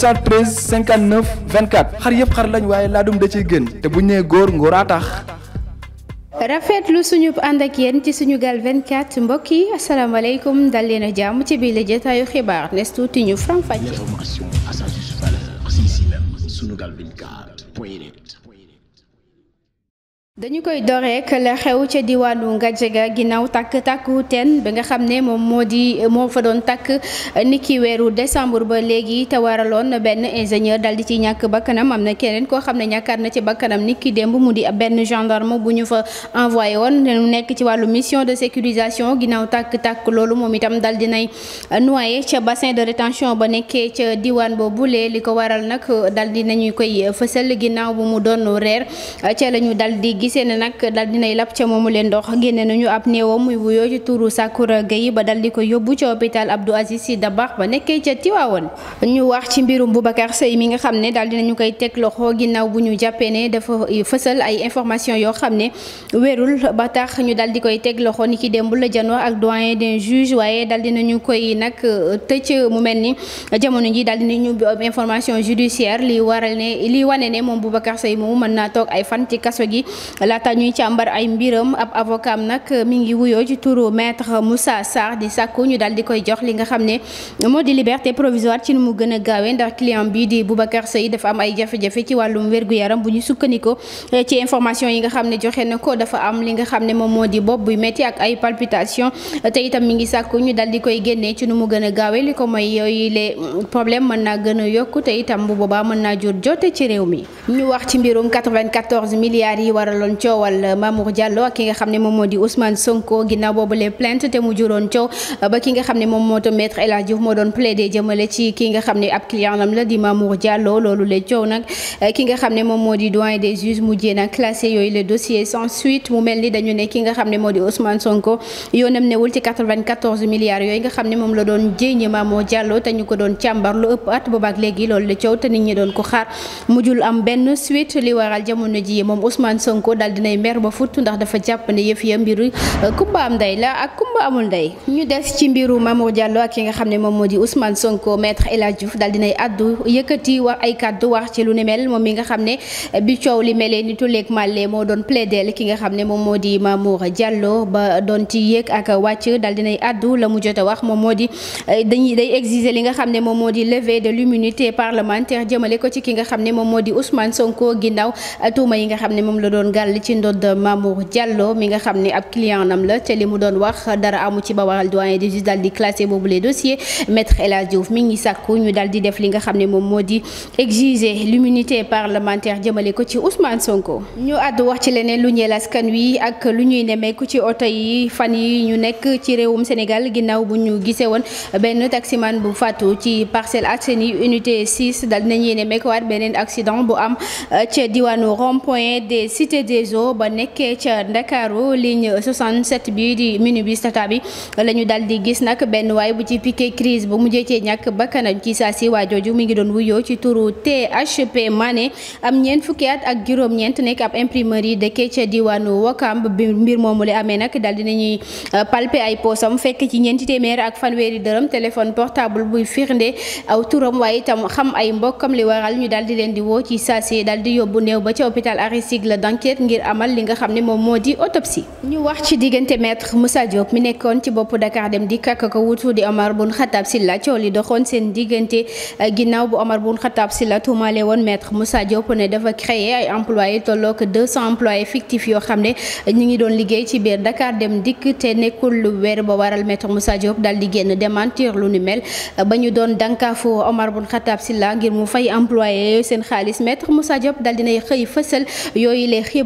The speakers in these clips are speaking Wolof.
713 59 24 xar yëpp xar lañ waaye laadum da ciy gën te bu ñu nee góor ngóoraa tax. rafetlu suñu àndak ak ci suñu gaal 24 mbokk yi asalaamaaleykum dal leen jàmm ci biir la jotaayu xibaar nes tuuti ñu faram fàcce. l'information à sa dañu koy doreek la xew ca diwaanu Ngadiaga ginnaaw takk takku teen bi nga xam ne moom moo di moo fa doon takk ni ki weeru décembre ba léegi te waraloon benn ingénieur dal di ci ñàkk bakkanam am na keneen koo xam ne ñàkkaar na ci bakkanam ni ki démb mu di benn gendarme bu ñu fa envoyé woon mu nekk ci wàllu mission de sécurisation ginnaaw takk takk loolu moom itam dal di nay noyé ca bassin de rétention ba nekkee ca diwaan boobu lee li ko waral nag dal di nañu koy fësal ginnaaw bu mu doon gisee ne nag dal dinay lap ca moomu leen ndox génne nañu ab néewam muy wuyoo ci turu Sakoura Gueye ba dal ko yóbbu ca hôpital Abdou Aziz Sy Dabakh ba nekkee ca Tiwaawoon ñu wax ci mbirum Boubacar Seye mi nga xam ne daal dinañu koy teg loxo ginnaaw bu ñu jàppee ne dafa fësal ay yoo xam ne wérul ba tax ñu dal di koy teg loxo ni ki la janoo ak doyen des juges koy nag euh, tëcc mu mel ni jamono ji daal dinañu information judiciaire li waral ne li wane ne moom Boubacar Seye moomu mën naa toog ay fan ci kaso gi laata ñuy càmbar ay mbiram ab avocat am nag mi ngi wuyoo ci turu maître Moussa Sarr di sàkku ñu daal di koy jox li nga xam ne moo di liberté provisoire ci nu mu gën a gaawee ndax client bi di Boubacar Seye dafa am ay jafe ci wàllum wér yaram bu ñu sukkandikoo eh, ci information yi nga xam ne joxe na ko dafa am li nga xam ne moom moo di bopp buy métti ak ay palpitation te itam mi ngi sàkku ñu daal di koy génnee ci nu mu gën a gaawee li ko mooy yooyu le mm, problèmes mën naa gën a yokku te itam bu boobaa mën naa jur jote ci réew mi ñu wax ci mbirum 94 milliards yi waral waraloon coowal Mamour Diallo ak ki nga xam ne moom moo di Ousmane Sonko ginnaaw boobu plainte te mu juróon coow ba ki nga xam ne moom moo doon maître El moo doon plaider jëmale mu mel ni dañu ne ki nga xam ne moo di Ousmane Sonko yoonam newul ci milliards yooyu nga xam ne moom la doon jéññe Mamour Diallo te ñu ko doon càmbar lu ëpp at boobaak léegi loolu coow te nit ñi doon ko xaar mujjul am benn suite li waral jamono ji moom Ousmane Sonko daal dinay mer ba futt ndax dafa jàpp ne yëf ya mbiru euh, kumba am ndey la ak kumba amul ndey ñu des ci mbiru Mamour Diallo ak ki nga xam ne moom moo di Ousmane Sonko maître El Hadj Diouf daal dinay addu yëkkati wax ay kàddu wax ci lu ni mel moom mi nga xam ne euh, bi coow li melee ni tuleeg màllee moo doon plaidel ki nga xam ne moom moo di Mamour Diallo ba doon ci yéeg ak wàcc dal dinay addu la mu jot a wax moom moo di euh, dañuy day exiger li nga xam ne moom moo di levée de l'immunité parlementaire jëmale ko ci ki nga xam ne moom moo di Ousmane Sonko ginnaaw tuuma yi nga xam ne moom la doon gàll ci ndodd Mamour Diallo mi nga xam ne ab client nam la te li mu doon wax dara amu ci ba waral doyen des juges di classé boobu les dossiers maître El mi ngi sàkku ñu daal di def li nga xam ne moom moo di exiger l'immunité parlementaire jëmale ko ci Ousmane Sonko. ñu lu ñeel askan wi ak lu ñuy nemmeeku ci oto yi fan yi ñu nekk ci réewum Sénégal ginnaaw bu ñu gisee woon benn taximan bu faatu ci Parcelles Assainies unité 6 dal nañuy nemmeekuwaat beneen accident bu am euh, ca diwaanu rond-point des cités des eaux ba nekkee ca Ndakaaru ligne 67 bi di minibus bi la ñu dal di gis nag benn waay bu ci piqué crise ba mujjee cee ñàkk bakkanam ci saa si waa jooju mu ngi doon wuyoo ci turu THP Mané am ñeent fukki at ak juróom-ñeent nekk ab imprimerie dëkkee ca diwaanu Wakam bi mbir moomu la amee nag dal dinañuy euh, palper ay poosam fekk ci ñeenti téeméer ak fanweeri dërëm téléphone portable buy firnde aw turam waaye itam xam ay mbokkam li waral ñu dal di leen di woo ci saa si dal di yóbbu néew ba ca hôpital Aristide Le Dantec rek ngir amal li nga xam ne moom moo di autopsie ñu wax ci diggante maître Moussa Diop mi nekkoon ci bopp Dakar dem di kàkk ko wutu di Omar Boun Khattab Silla coow li doxoon seen diggante eh, ginnaaw bu Omar Boun Khattab Silla tuumaale woon maître Moussa Diop ne dafa créé ay employés tolloog 200 employés fictifs yoo xam ne ñu ngi doon liggéey ci biir Dakar dem dikk te nekkul lu weer ba waral maître Moussa daal di génn démentir lu ni mel ba ñu doon dànkaafu Omar Boun Khattab ngir mu fay employé yooyu seen xaalis maître Moussa Diop daal dinay xëy fësal yooyu les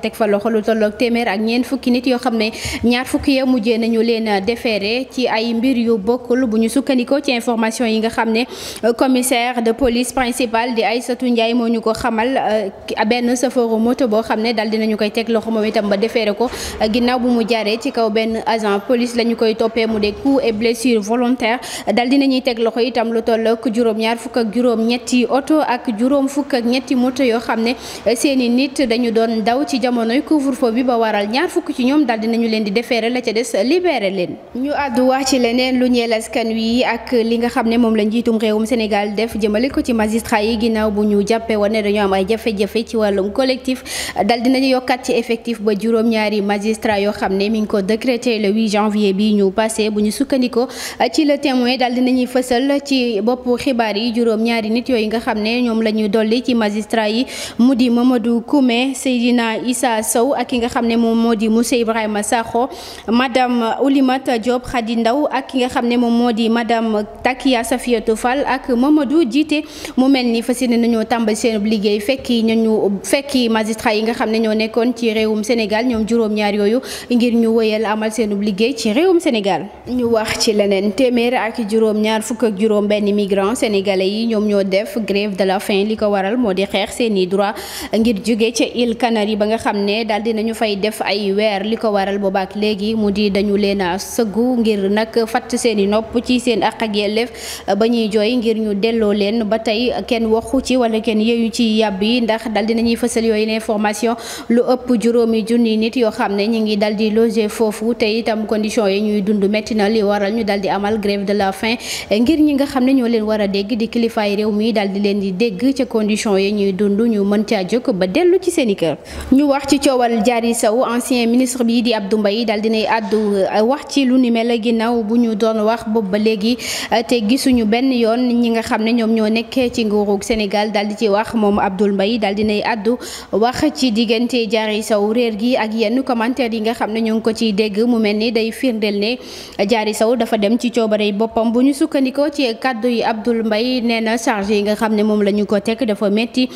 teg fa loxo lu tolloog téeméer ak ñeent fukki nit yoo xam ne ñaar fukki ya mujjee nañu leen defeere ci ay mbir yu bokkul bu ñu sukkandikoo ci information yi nga xam ne commissaire de police principal di Aïssatou Ndiaye moo ñu ko xamal euh, benn safaru moto boo xam ne dal dinañu koy teg loxo moom itam ba defeere ko ginnaaw bu mu jaaree ci kaw benn agent police la ñu koy toppee mu de coups et blessures volontaires dal di dinañuy teg loxo itam lu tolloog juróom-ñaar fukk ak juróom oto ak juróom fukk ak ñetti yoo xam ne euh, jamonoy couvre-feu bi ba waral ñaar fukk ci ñoom daal dinañu leen di defeere la ca des libéré leen ñu àddu wax ci leneen lu ñeel askan wi ak li nga xam ne moom la njiitum réewum Sénégal def jëmale ko ci magistrat yi ginnaaw bu ñu jàppee woon ne dañoo am ay jafe-jafe ci wàllum collectif dal dinañu yokkaat ci effectif ba juróom-ñaari magistrat yoo xam ne mi ngi ko décrété le 8 janvier bi ñu passé bu ñu sukkandikoo ci le témoin daal dinañuy fësal ci bopp xibaar yi juróom-ñaari nit yooyu nga xam ne ñoom la ñu dolli ci magistrat yi mu di Mamadou Koumé Seydina Issa Issa Sow ak ki nga xam ne moom moo di monsieur Ibrahima Sakho madame Oulimata Diop Khady Ndaw ak ki nga xam ne moom moo di madame Takia Safiatou Fall ak Mamadou jiite mu mel ni fas yéene nañoo tàmbali seen liggéey fekki ñu fekki magistrat yi nga xam ne ñoo nekkoon ci réewum Sénégal ñoom juróom-ñaar yooyu ngir ñu wëyal amal seen liggéey ci réewum Sénégal. ñu wax ci leneen téeméer ak juróom-ñaar fukk ak juróom-benn migrants sénégalais yi ñoom ñoo def grève la faim li ko waral moo di xeex seeni droit ngir xam ne daal dinañu fay def ay weer li ko waral boobaak léegi mu di dañu leen a sëggu ngir nag fatt seen i nopp ci seen àq ak yelleef euh, ba ñuy jooy ngir ñu delloo leen ba tey kenn waxu ci walla kenn yeeyu ci yàbb yi ndax dal dinañuy fësal yooyu ne information lu ëpp juróomi junni nit yoo xam ne ñu ngi dal di loger foofu te itam condition yi ñuy dund métti na li waral ñu dal di amal grève de la fin ngir ñi nga xam ne ñoo leen war a dégg di kilifaay réew mi dal di leen di dégg ca condition yi ñuy dund mën caa jóg ba dellu ci seen i kër wax ci coowal Diary Sow ancien ministre bi di Abdou Mbaye daal dinay àddu euh, wax ci lu ni mel ginnaaw bu ñu doon wax boobu ba léegi euh, te gisuñu benn yoon ñi nga xam ne ñoom ñoo nekk ci nguurug Sénégal daal di ci wax moom Abdoul Mbaye daal nay àddu wax ci diggante Diary saw réer gi ak yenn commentaire yi nga xam ne ñoo ngi ko ciy dégg mu mel ni day firndeel ne jaari saw dafa dem ci coobarey boppam bu ñu sukkandikoo ci kàddu yi Abdoul Mbaye nee na charge yi nga xam ne moom la ñu ko teg dafa métti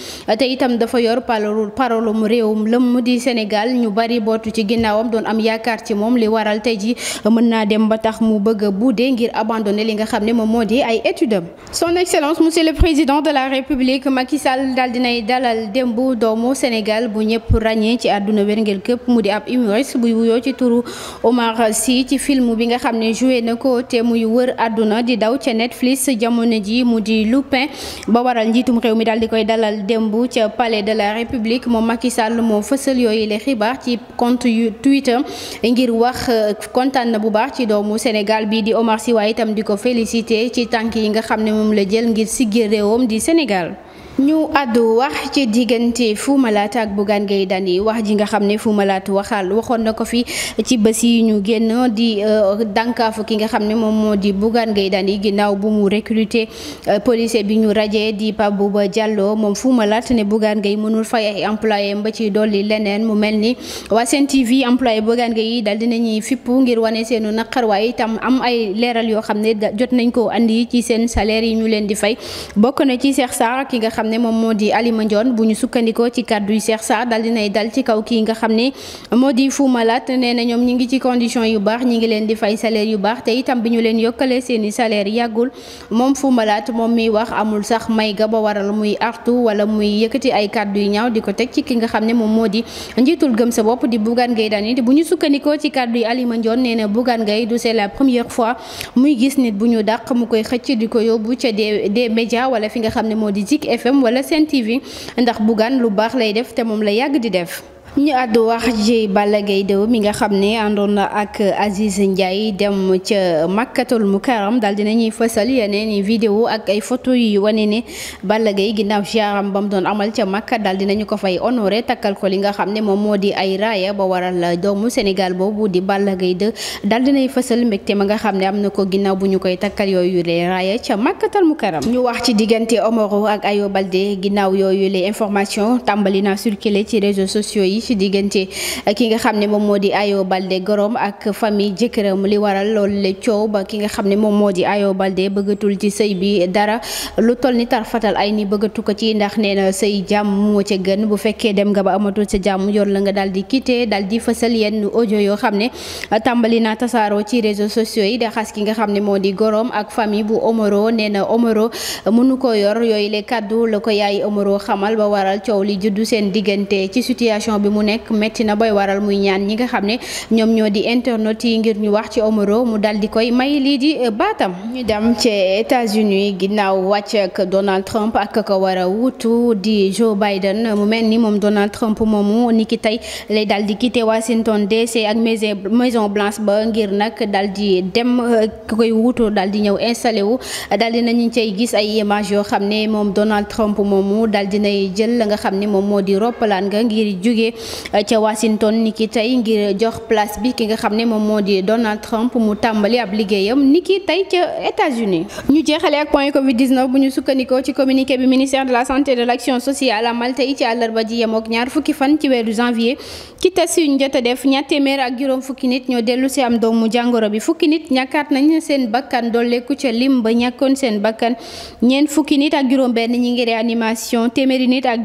mu di Sénégal ñu bari bootu ci ginnaawam doon am yaakaar ci moom li waral tey ji mën naa dem ba tax mu bëgg a buudee ngir abandonné li nga xam ne moom moo di ay études am son excellence monsieur le président de la république Macky Sall daal dinay dalal démb doomu mu di ab humoriste buy wuyoo ci ci film bi nga xam ne joué na ko te muy wër àdduna di daw ca Netflix jamono ji mu di Lupin ba waral njiitum réew mi daal di koy dalal démb ca palais de la république moom Macky Sall moo fësal yooyu les baax ci compte yu Twitter ngir wax euh, kontaan bu baax ci doomu Sénégal bi di Omar Sy itam di ko félicité ci tànk yi nga xam ne moom la jël ngir siggil réewam di Sénégal. ñu àddu wax ci diggante Fou Malade ak Bougane Gueye Dany wax ji nga xam ne Fou Malade waxal waxoon na ko fii ci bés yi ñu génn di euh, dànkaafu ki nga xam ne moom moo di Bougane Gueye Dany ginnaaw bu mu recruter euh, policier bi ñu rajee di Pape Bouba Diallo moom Fou Malade ne Bougane Gueye mënul fay ay employé ba ci dolli leneen mu mel ni waa Sen TV employé Bougane Gueye yi dal dinañuy fippu ngir wane seenu naqar waaye itam am ay leeral yoo xam ne jot nañ ko andi ci seen salaire yi ñu leen di fay bokk na ci Cheikh Sarr ki nga xam xam ne moom moo di Alima Ndione bu ñu sukkandikoo ci kàddu yu Cheikh Sarr dal dinay dal ci kaw kii nga xam ne moo di Fou Malade nee na ñoom ñi ngi ci condition yu baax ñi ngi leen di fay salaire yu baax te itam bi ñu leen yokkalee seeni salaire yàggul moom Fou Malade moom miy wax amul sax may ga ba waral muy artu wala muy yëkkati ay kàddu yu ñaaw di ko teg ci ki nga xam ne moom moo di njiitul gëm sa bopp di Bougane Gueye Dany bu ñu sukkandikoo ci kàddu yi Alima Ndione nee na Bougane Gueye du c'est la première fois muy gis nit bu mu koy xëcc di ko yóbbu ca des médias wala fi nga xam moo di FM wala Sen TV ndax Bougane lu baax lay def te moom la yàgg di def. ñu àddu wax ji Balla Gaye 2 mi nga xam ne àndoon na ak Aziz Ndiaye dem ca mu Mukarram daal dina ñuy fësal yeneen i vidéo ak ay photo yu wane ne Balla Gaye ginnaaw ziaram ba mu doon amal ca Makka daal dinañu ko fay honoré takkal ko li nga xam ne moom moo di ay raaya ba waral doomu Sénégal boobu di Balla Gaye 2 daal dinay fësal mbégte ma nga xam ne am na ko ginnaaw bu ñu koy takkal yooyu le raaya ca mu Mukarram ñu wax ci diggante Omaro ak Ayo Baldé ginnaaw yooyu les informations tàmbali naa circuler ci réseaux sociaux yi ci diggante ki nga xam ne moom moo di Ayo Baldé gorom ak famille jëkkëram li waral loolu le ba ki nga xam ne moom moo di Ayo Baldé bëggatul ci sëy bi dara lu toll ni tarfatal ay ni bëggatu ko ci ndax nee na sëy jàmm moo ca gën bu fekkee dem nga ba amatul sa jàmm yoon la nga daal di quitté daal di fësal yenn ojo yoo xam ne tàmbali naa tasaaroo ci réseaux sociaux yi da xas ki nga xam ne moo di gorom ak famille bu Omaro nee na Omaro mënu ko yor yooyu le kàddu la ko yaay Omaro xamal ba waral coow li juddu seen diggante ci situation bi mu nekk metti na booy waral muy ñaan ñi nga xam ne ñoom ñoo di internet yi ngir ñu wax ci Omaro mu dal di koy may lii di baatam ñu dem ci États-Unis ginnaaw wàcc ak Donald ak ko war a wutu di Joe Biden mu mel ni moom Donald Trump moomu ni ki tey lay dal di quitté Washington DC ak Maison Blanche ba ngir nag dal di dem koy wutu dal di ñëw installé wu dal di nañu cay gis ay image yoo xam ne moom Donald Trump moomu dal dinay jël la nga xam ni moom moo di roppalaan nga ngir jóge Euh, ca Washington ni ki tey ngir jox place bi ki nga xam ne moom moo di Donald Trump mu tàmbali ab liggéeyam ni ki tey ca États-Unis ñu jeexale ak point Covid bu ñu sukkandikoo ci communiqué bi ministère de la santé et de l' sociale amal tey ci àllarba ji yem ñaar fukki fan ci weeru janvier ki test yu ñu jot a def ñaar téeméer ak juróom fukki nit ñoo dellu si am doomu jàngoro bi fukki nit ñàkkaat nañ seen bakkan dolleeku ca lim ba ñàkkoon seen bakkan ñeent fukki nit ak juróom benn ngi réanimation téeméeri nit ak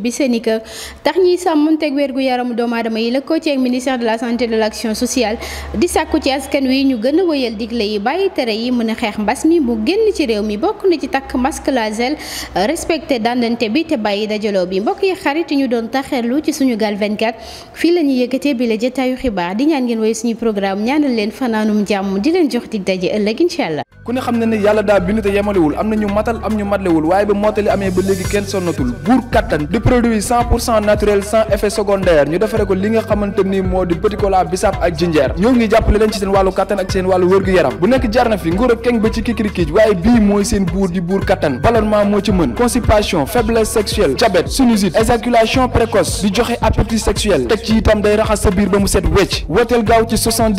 ba bi seen i kër tax ñiy sàmmonteeg wér gu yaramu doomu aadama yi lëkkoo ceeg ministère de la santé de l'action sociale di sàkku ci askan wi ñu gën a wëyal digle yi bàyyi tere yi mën a xeex mbas mi mu génn ci réew mi bokk na ci takk masque la gel respecté dandante bi te bàyyi dajaloo bi mbokk yi xarit ñu doon taxerlu ci suñu gaal 24 fii la ñuy yëkkatee bi la jotaayu xibaar di ñaan ngeen woy suñu programme ñaanal leen fanaanum jàmm di leen jox dig daje ëllëg incha ku ne xam ne ne yàlla daa bind am na ñu matal am ñu matlewul waaye produit cent pour cent naturel sans effet secondaire ñu defare ko li nga xamante ni moo di petit bisaab ak jinjeer ñoo ngi jàppale leen ci seen wàllu kattan ak seen wàllu wërgu yaram bu nekk jar na fi nguur ak keng ba ci kikirikiij waaye bii mooy seen buur di buur kattan ballonnement moo ci mën constipation faiblesse sexuelle diabète sinusite éjaculation précoce di joxe appétit sexuel teg ci itam day raxas sa biir ba mu set wecc wooteel gaaw ci xar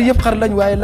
yëpp xar lañ waaye